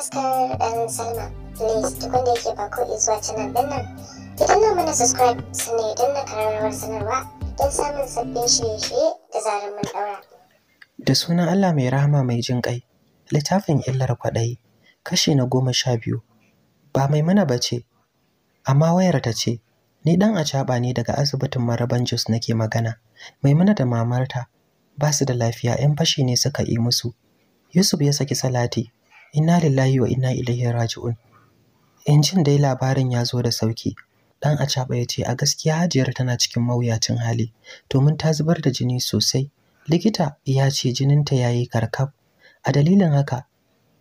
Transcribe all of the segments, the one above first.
salma yake subscribe idan na kararrawar sanarwa sabbin shirye-shirye da zarar da sunan allah mai rahama mai jin kai littafin illar kwaɗayi kashi na goma sha biyu ba mai mana ba ce amma wayar ta ce ni dan acaɓa ne daga asibitin maraban jos nake magana mai mana da mamarta ba su da lafiya 'yan fashi ne suka yi musu yusuf ya saki salati inna lillahi wa inna ilaihi raji'un in jin dai labarin ya zo da sauki dan acaba ya ce a gaskiya hajiyar tana cikin mawuyacin hali domin ta zubar da jini sosai likita ya ce jininta ya yi karkab a dalilin haka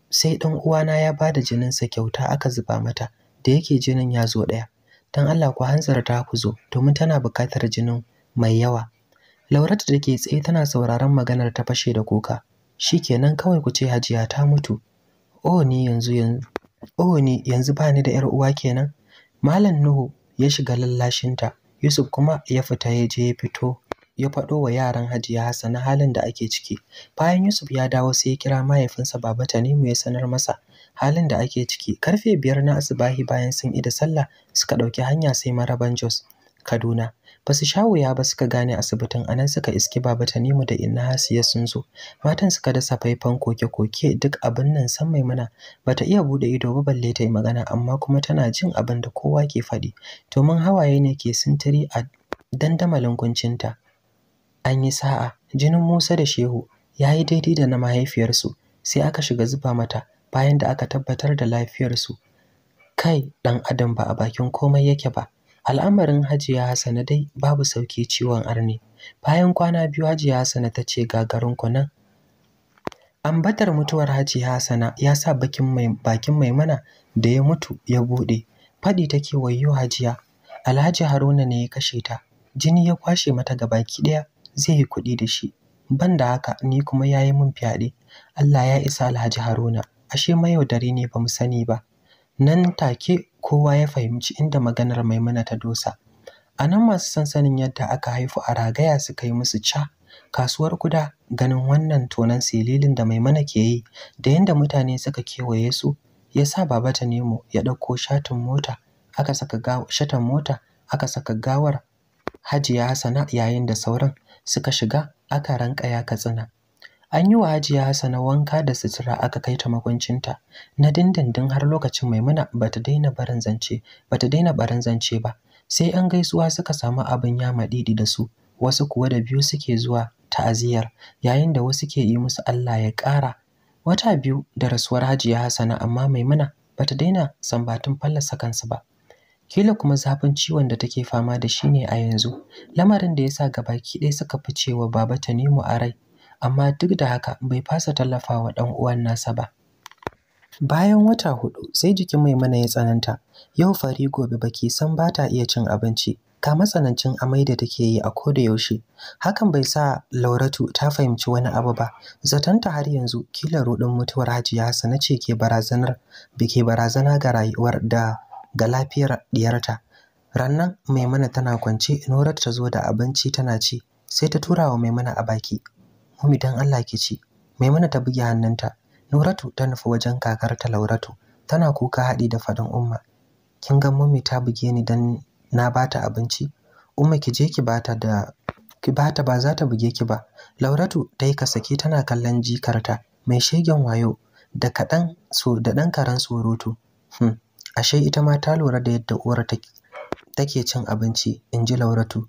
sai ɗan uwana ya ba da jininsa kyauta aka zuba mata da yake jinin ya zo ɗaya don allah ku hanzarta ku zo domin tana buƙatar jinin mai yawa Laurata da ke tsaye tana sauraron maganar ta fashe da kuka shikenan kawai ku ce hajiya ta mutu Oh ni yanzu bani da 'yar uwa kenan. Malam Nuhu ya shiga lallashinta Yusuf kuma ya fita ya je ya fito ya faɗo wa yaran Hajiya Hassana halin da ake ciki. Bayan Yusuf ya dawo sai ya kira mahaifinsa Baba Tanimu ya sanar masa halin da ake ciki. Karfe biyar na asubahi bayan sun ida sallah suka ɗauki hanya sai maraban Jos. Kaduna. Ba su sha wuya ba suka gane asibitin anan suka iski Baba Tanimu da Inna Hasiya sun zo. Matan suka dasa faifan koke-koke duk abin nan san mana ba ta iya buɗe ido ba balle ta yi magana amma kuma tana jin abin da kowa ke faɗi. Domin hawaye ne ke sintiri a dandamalin kuncinta. An yi sa'a jinin Musa da Shehu ya yi daidai da na mahaifiyarsu sai aka shiga zuba mata bayan da aka tabbatar da lafiyarsu. Kai ɗan adam ba a bakin komai yake ba. Al'amarin Hajiya Hassana dai babu sauki ciwon arni. Bayan kwana biyu Hajiya Hassana ta ce gagarin nan. Ambatar mutuwar Hajiya Hassana ya sa bakin bakin Maimuna da ya mutu ya bude. Faɗi take wayo, Hajiya. Alhaji Haruna ne ya kashe ta. Jini ya kwashe mata gabaki ɗaya zai yi kuɗi da shi. Ban da haka ni kuma ya yi min fyaɗe. Allah ya isa Alhaji Haruna. Ashe mayaudari ne ba mu sani ba. nan take kowa ya fahimci inda maganar maimuna ta dosa a nan masu sansanin yadda aka haifu a ragaya suka yi musu ca kasuwar kuda ganin wannan tonan sililin da maimuna ke yi da yadda mutane suka kewaye su ya sa baba ta nemo ya ɗauko shatin mota aka saka shatan mota aka saka gawar hajiya hasana yayin da sauran suka shiga aka rankaya katsina An yi wa Hajiya Hassana wanka da sutura aka kai ta makwancinta na dindindin har lokacin Maimuna bata daina barin zance bata daina barin zance ba sai an gaisuwa suka samu abin ya madidi da su wasu kuwa da biyu suke zuwa ta'aziyar yayin da wasu ke yi musu Allah ya ƙara wata biyu da rasuwar Hajiya Hassana amma Maimuna bata daina sambatun fallasa ba kila kuma zafin ciwon da take fama da shi ne a yanzu lamarin da yasa gabaki ɗaya suka fice wa baba Tanimu a rai amma duk da haka bai fasa tallafawa ɗan uwan nasa ba bayan wata hudu sai jikin maimuna ya tsananta yau fari gobe baki san ba ta iya cin abinci ka matsanancin amai da take yi a ko da yaushe hakan bai sa lauratu ta fahimci wani abu ba zatanta har yanzu kila rudin mutuwar hajiya sana ce ke barazanar da ke barazana ga rayuwar da ga lafiyar diyarta rannan maimuna tana kwance norar ta zo da abinci tana ci sai ta tura wa maimuna a baki Ummi dan Allah ki ci. Maimuna ta buge hannunta. Nuratu ta nufi wajen kakarta Lauratu. Tana kuka haɗi da faɗin Umma. Kin ga Mummy ta buge ni dan na bata abinci? Umma ki je ki bata da ki bata ba za ta buge ki ba. Lauratu ta yi kasake tana kallon jikarta mai shegen wayo da kaɗan so da ɗan karen surutu. Hmm. Ashe ita ma ta lura da yadda uwar take take cin abinci, Inji Lauratu.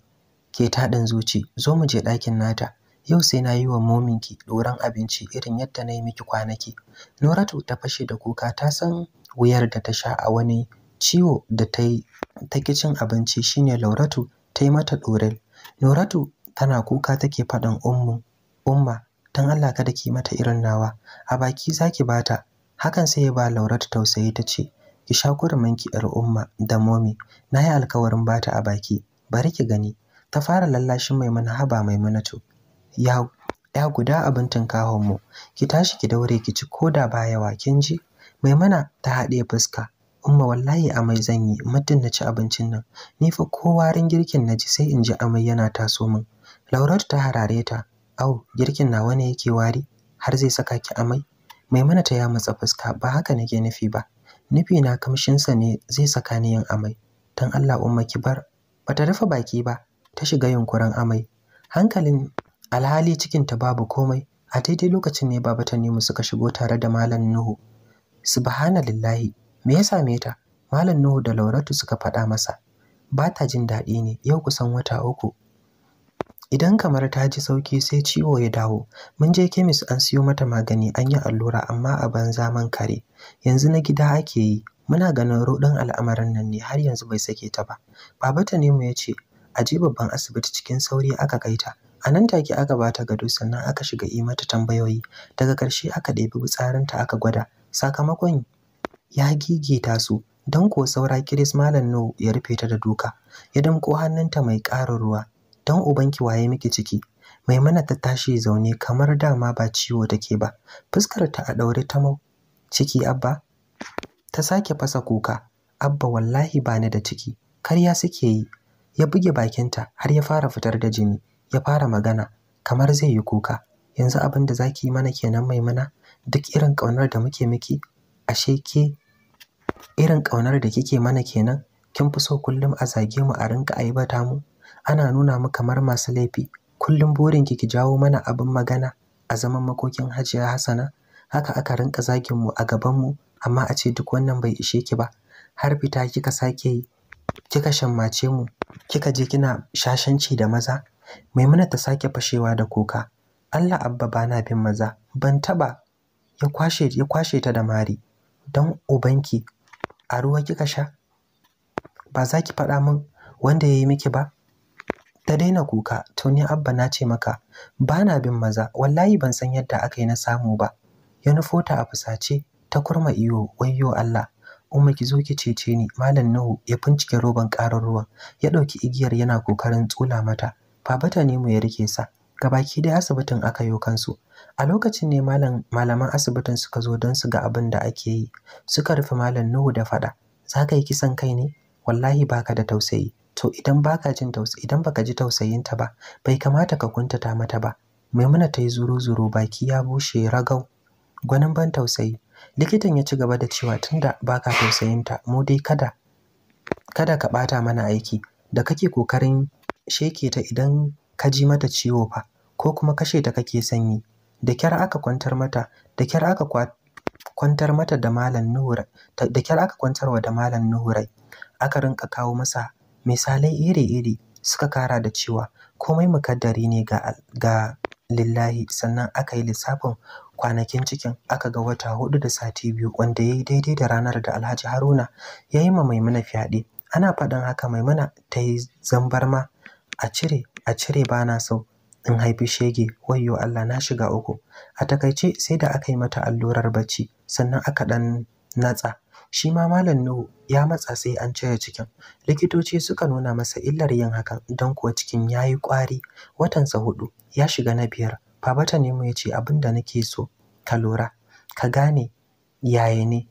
Ke taɗin zuci, zo mu je ɗakin nata. yau sai na yi wa mominki doron abinci irin yadda na yi miki kwanaki noratu ta fashe da kuka ta san wuyar da ta sha a wani ciwo da ta yi ta cin abinci shine lauratu ta yi mata ɗorel. noratu tana kuka take faɗin ummu umma don Allah kada ki mata irin nawa a baki za zaki bata hakan sai ya ba lauratu tausayi ta ce ki sha ki yar umma da momi yi alkawarin bata a baki bari ki gani ta fara lallashin maimuna haba maimunatu ya ya guda abin tunkahon mu ki tashi ki daure ki ci koda ba yawa kin ji maimuna ta haɗe fuska umma wallahi amai zan yi muddin na ci abincin nan ni fa kowa ran girkin na ji sai in ji amai yana taso min lauratu ta harare ta au girkin nawa ne yake wari har zai saka ki amai maimuna ta yamutsa fuska ba haka nake nufi ba nufi na kamshinsa ne zai saka ni yin amai Don Allah umma ki bar bata rufe baki ba ta shiga yunkurin amai hankalin alhali cikinta babu komai a daidai lokacin ne baba suka shigo tare da malam nuhu subhanallahi me ya same ta malam nuhu da lauratu suka faɗa masa ba ta jin daɗi ne yau kusan wata uku idan kamar ta ji sauki sai ciwo ya dawo mun je kemis an siyo mata magani an yi allura amma a banza man kare yanzu na gida ake yi muna ganin ruɗin al'amarin nan ne har yanzu bai sake ta ba babata nemu ya ce a je babban asibiti cikin sauri aka kaita. a nan take aka bata gado sannan aka shiga yi mata tambayoyi daga ƙarshe aka ɗebi tsarinta aka gwada sakamakon ya gigita su don ko saura kiris malam no ya rufe ta da duka ya damƙo hannunta mai ƙarin ruwa don ubanki waye miki ciki maimuna ta tashi zaune kamar dama ba ciwo ke ba fuskar ta a ɗaure ta mau ciki abba ta sake fasa kuka abba wallahi bani da ciki kar ya suke yi ya buge bakinta har ya fara fitar da jini ya fara magana kamar zai yi kuka yanzu abin da zaki yi mana kenan maimuna duk irin ƙaunar da muke miki ashe ke irin ƙaunar da kike mana kenan kin fi so kullum a zage mu a rinka aibata mu ana nuna mu kamar masu laifi kullum burin ki ki jawo mana abin magana a zaman makokin Hajiya Hassana haka aka rinka zagin mu a gaban mu amma a ce duk wannan bai ishe ki ba har fita kika sake yi kika shammace mu kika je kina shashanci da maza maimuna ta sake fashewa da kuka allah abba bana bin maza ban taba ya kwashe ya kwashe ta da mari dan ubanki a ruwa kika sha ba za ki faɗa min wanda ya yi miki ba ta daina kuka tuni abba na ce maka bana bin maza wallahi ban san yadda aka yi na samu ba ya nufo ta a fusace ta kurma iyo wayyo Allah umma ki zo ki cece ni malam Nuhu ya bincike roban ƙarar ruwan ya ɗauki igiyar yana kokarin tsula mata Baba mu ya rike sa. baki dai asibitin aka yo kansu. A lokacin ne malaman asibitin suka zo don su ga abin da ake yi. Suka rufe Malam Nuhu da faɗa. Za ka yi kisan kai ne? Wallahi baka da tausayi. To idan baka jin tausayi idan baka ji tausayinta ba, bai kamata ka kuntata mata ba. Maimuna ta yi zuru-zuru baki ya bushe ragau. Gwanin ban tausayi. Likitan ya ci gaba da cewa tunda baka tausayinta mu dai kada kada ka ɓata mana aiki da kake kokarin sheke ta idan ka ji mata ciwo fa ko kuma kashe ta kake sanyi da kyar aka kwantar mata da kyar aka kwantar mata da malam nuhurai da kyar aka kwantarwa da malam nuhurai aka rinka kawo masa misalai iri-iri suka kara da cewa komai mukaddari ne ga, ga lillahi sannan aka yi lissafin kwanakin cikin aka ga wata hudu da sati biyu wanda ya yi daidai da ranar da alhaji haruna ya yi ma maimuna fyaɗe ana faɗin haka maimuna ta yi zambarma a cire a cire ba na so in haifi shege wayyo Allah na shiga uku a takaice sai da aka yi mata allurar bacci sannan aka dan natsa shi ma malam Nuhu ya matsa sai an cire cikin likitoci suka nuna masa illar yin hakan don kuwa cikin yayi kwari watansa hudu ya shiga na biyar babata ne mu yace abin da nake so ka lura ka gane yaye ne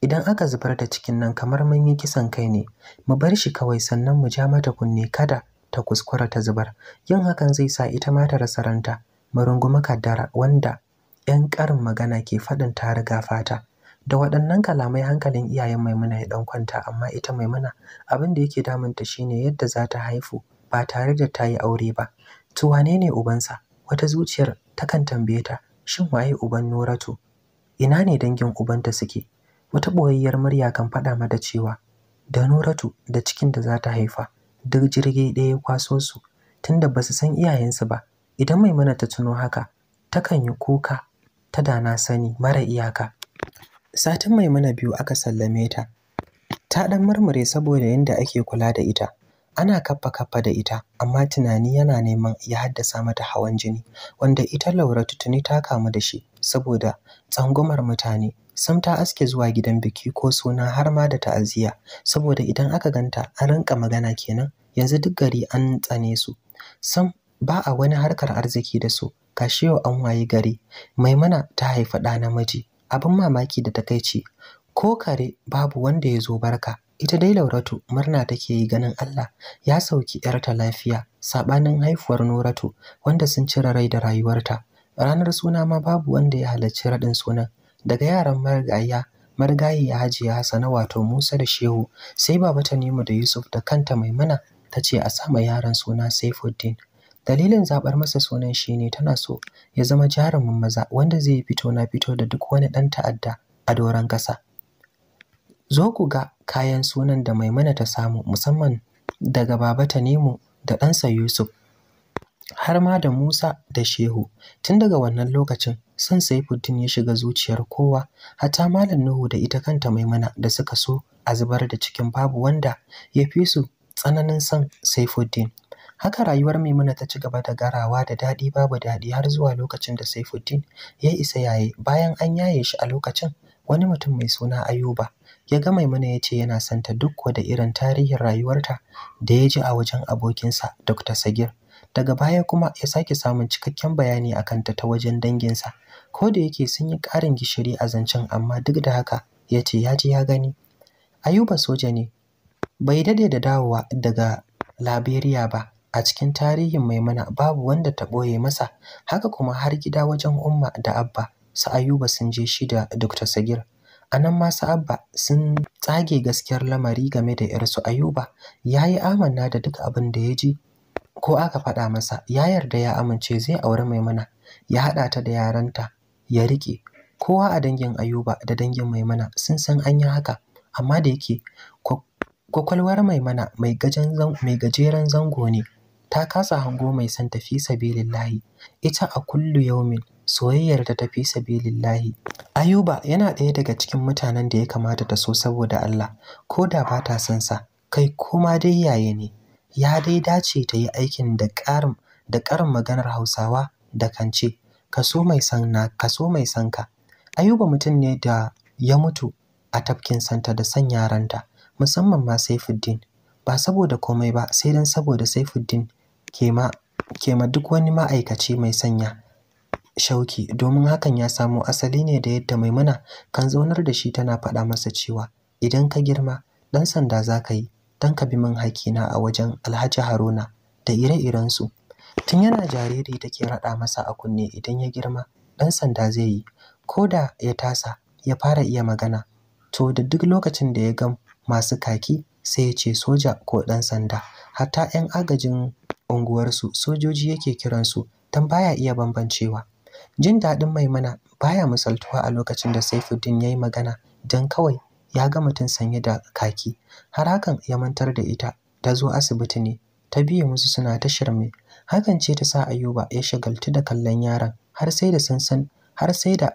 idan aka zubar da cikin nan kamar mun yi kisan kai ne mu bar shi kawai sannan mu ja mata kunne kada ta kuskura ta zubar yin hakan zai sa ita ma ta rasa ranta marunguma kaddara wanda 'yan karin magana ke faɗin ta riga fata da waɗannan kalamai hankalin iyayen maimuna ya ɗan kwanta amma ita maimuna abin da yake damunta shine yadda za ta haifu ba tare da ta yi aure ba to wane ne ubansa wata zuciyar takan tambaye ta shin waye uban noratu ina ne dangin ubanta suke wata ɓoyayyar murya kan faɗa mata cewa da noratu da cikin da za ta haifa duk jirgi ɗaya ya kwaso su tunda ba su san iyayensu ba idan maimuna ta tuno haka takan yi kuka ta da na sani mara iyaka satin mai mana biyu aka sallame ta ta ɗan murmure saboda yadda ake kula da ita ana kaffa kaffa da ita amma tunani yana neman ya haddasa mata hawan jini wanda ita laura tuni ta kamu da shi saboda tsangwamar mutane sam ta aske zuwa gidan biki ko suna har ma da ta'aziyya saboda idan aka ganta an rinka magana kenan yanzu duk gari an tsane su sam ba a wani harkar arziki da su kashe yau an wayi gari maimuna ta haifa ɗa namiji abin mamaki da ta takaici ko kare babu wanda ya zo barka ita dai lauratu murna take yi ganin Allah ya sauki yarta lafiya sabanin haifuwar Noratu wanda sun cire rai da rayuwarta Ranar suna ma babu wanda ya halarci raɗin sunan. Daga yaran marigaya, marigayi ya hajiya Hassana wato Musa da Shehu, sai baba Tanimu da Yusuf da kanta Maimuna ta ce a sama yaran suna Saifuddin. Dalilin zabar masa sunan shi ne tana so ya zama jarumin maza wanda zai fito na fito da duk wani ɗan ta'adda a doron kasa. Zo ku ga kayan sunan da Maimuna ta samu musamman daga baba Tanimu da ɗansa Yusuf har ma da Musa da Shehu. Tun daga wannan lokacin son Saifuddin ya shiga zuciyar kowa, hatta Malam Nuhu da ita kanta Maimuna da suka so a zubar da cikin babu wanda ya fi su tsananin son Saifuddin. Haka rayuwar Maimuna ta ci gaba da garawa da daɗi babu daɗi har zuwa lokacin da Saifuddin ya isa yaye bayan an yaye shi a lokacin wani mutum mai suna Ayuba ya ga Maimuna ya ce yana santa duk da irin tarihin rayuwarta da ya ji a wajen abokinsa Dr. Sagir. daga baya kuma ya sake samun cikakken bayani a kanta ta wajen danginsa ko da yake sun yi ƙarin gishiri a zancen amma duk da haka ya ce ya ji ya gani ayuba soja ne bai dade da dawowa daga liberia ba a cikin tarihin maimuna babu wanda ta ɓoye masa haka kuma har gida wajen umma da abba su ayuba sun je shi da dr sagir a nan ma su abba sun tsage gaskiyar lamari game da yarsu ayuba ya yi amanna da duk abin da ya ji ko aka faɗa masa ya yarda ya amince zai auri maimuna ya haɗa ta da yaranta ya riƙe kowa a dangin ayuba da dangin maimuna sun san an yi haka amma da yake kwakwalwar maimuna mai gajeren zango ne ta kasa hango mai san tafi sabilillahi ita a kullu yaumin soyayyar ta tafi sabilillahi ayuba yana ɗaya daga cikin mutanen da ya kamata ta so saboda Allah ko da ba ta son sa kai kuma dai yaye ne ya dai dace ta yi aikin da ƙarin maganar Hausawa da kance, kaso mai sanna kaso Ayuba mutum ne da ya mutu a tafkin santa da san yaranta musamman ma Saifuddin ba saboda komai ba sai dan saboda Saifuddin ke ma duk wani ma'aikaci mai sanya shauki domin hakan ya samo asali ne da yadda Maimuna kan zaunar da shi tana faɗa masa cewa idan ka girma dan sanda za ka yi don ka bi min hakina a wajen Alhaji Haruna da ire-irensu. Tun yana jariri take raɗa masa a kunne idan ya girma ɗan sanda zai yi, ko da ya tasa ya fara iya magana. To da duk lokacin da ya ga masu kaki sai ya ce soja ko ɗan sanda, hatta 'yan agajin unguwarsu sojoji yake kiransu don baya iya bambancewa. Jin daɗin Maimuna baya misaltuwa a lokacin da Saifuddin ya yi magana don kawai ya ga mutum sanye da kaki har hakan ya mantar da ita ta zo asibiti ne ta biye musu suna ta shirme hakan ce ta sa ayuba ya shagaltu da kallon yaran har sai da sansan har sai da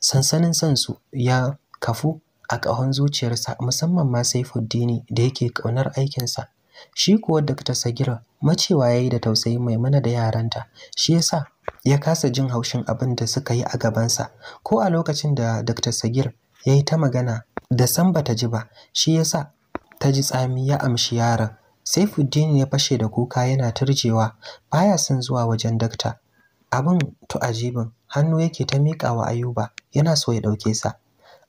sansanin sansu ya kafu a ƙahon zuciyarsa musamman ma sai Saifuddini da yake ƙaunar aikinsa shi kuwa Dr. Sagira macewa yayi da tausayi mai mana da yaranta shi yasa ya kasa jin haushin abin da suka yi a gabansa ko a lokacin da Dr. Sagir ya yi ta magana da san bata ji ba shi yasa ta ji tsami ya amshi yaron Sai Saifuddin ya fashe da kuka yana turjewa baya son zuwa wajen dakta abin to ajibin hannu yake ta mika wa Ayuba yana so ya ɗaukesa. sa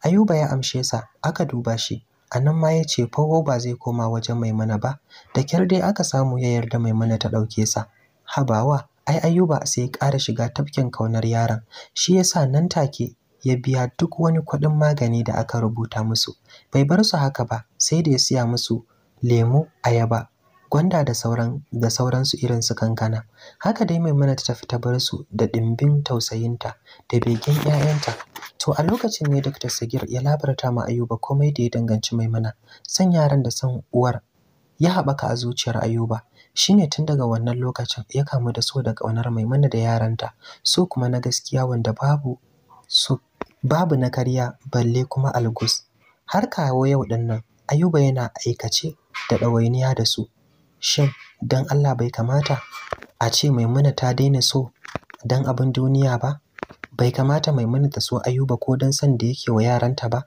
Ayuba ya amshe sa aka duba shi anan ma yace fawo ba zai koma wajen Maimuna ba da kyar dai aka samu ya yarda Maimuna ta ɗauke sa habawa ai Ayuba sai ya ƙara shiga tafkin kaunar yaron shi yasa nan take ya biya duk wani kuɗin magani da aka rubuta musu bai bar su haka ba sai da ya siya musu lemu ayaba gwanda da sauran da sauransu irin su kankana haka dai maimuna ta tafi ta bar su da ɗimbin tausayinta da begen 'ya'yanta to a lokacin ne dr sagir ya labarta ma ayuba komai da ya danganci maimuna san yaran da san uwar ya haɓaka a zuciyar ayuba shine tun daga wannan lokacin ya kamu da so da ƙaunar maimuna da yaranta so kuma na gaskiya wanda babu su babu na karya balle kuma algus har kawo yau din nan ayuba yana aikace da ɗawainiya da su shin don allah bai kamata a ce maimuna ta daina so don abin duniya ba bai kamata maimuna ta so ayuba ko don san da yake wa yaranta ba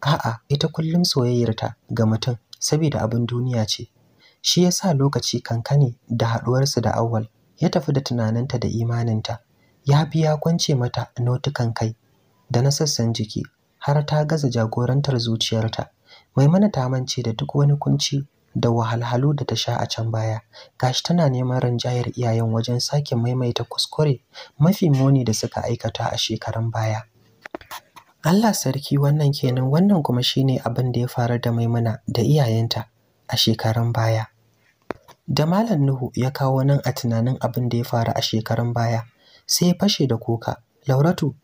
a'a ita kullum soyayyarta ga mutum saboda abin duniya ce shi yasa lokaci kankani da haɗuwarsu da awwal ya tafi da tunaninta da imaninta ya biya kwance mata notukan kai da na sassan jiki har ta gaza jagorantar zuciyarta maimuna ta mance da duk wani kunci da wahalhalu da ta sha a can baya gashi tana neman rinjayar iyayen wajen sake maimaita kuskure mafi muni da suka aikata a shekarun baya Allah sarki wannan kenan wannan kuma shine abin da ya faru da maimuna da iyayenta a shekarun baya da malam nuhu ya kawo nan a tunanin abin da ya faru a shekarun baya sai ya fashe da kuka lauratu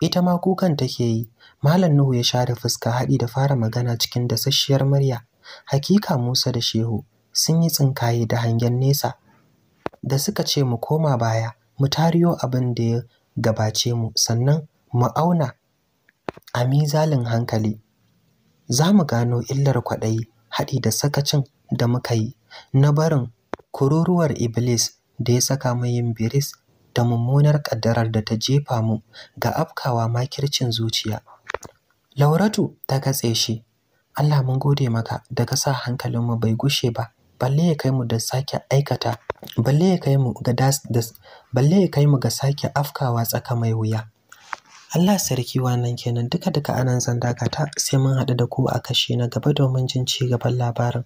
ita ma kukan take yi malam nuhu ya share fuska haɗi da fara magana cikin dasasshiyar murya hakika musa da shehu sun yi tsinkaye da hangen nesa da suka ce mu koma baya mu tariyo abin da ya gabace mu sannan mu auna a mizalin hankali za mu gano illar kwaɗayi haɗi da sakacin da muka yi na barin kururuwar iblis da ya saka mu yin biris da mummunar ƙaddarar da ta jefa mu ga afkawa makircin zuciya. Lauratu ta katse shi, Allah mun gode maka da ka sa hankalinmu bai gushe ba, balle ya kai mu da sake aikata, balle ya kai mu ga balle ya kai mu ga sake afkawa tsaka mai wuya. Allah sarki wannan kenan duka duka anan zan dakata sai mun haɗu da ku a kashi na gaba domin jin ci gaban labarin.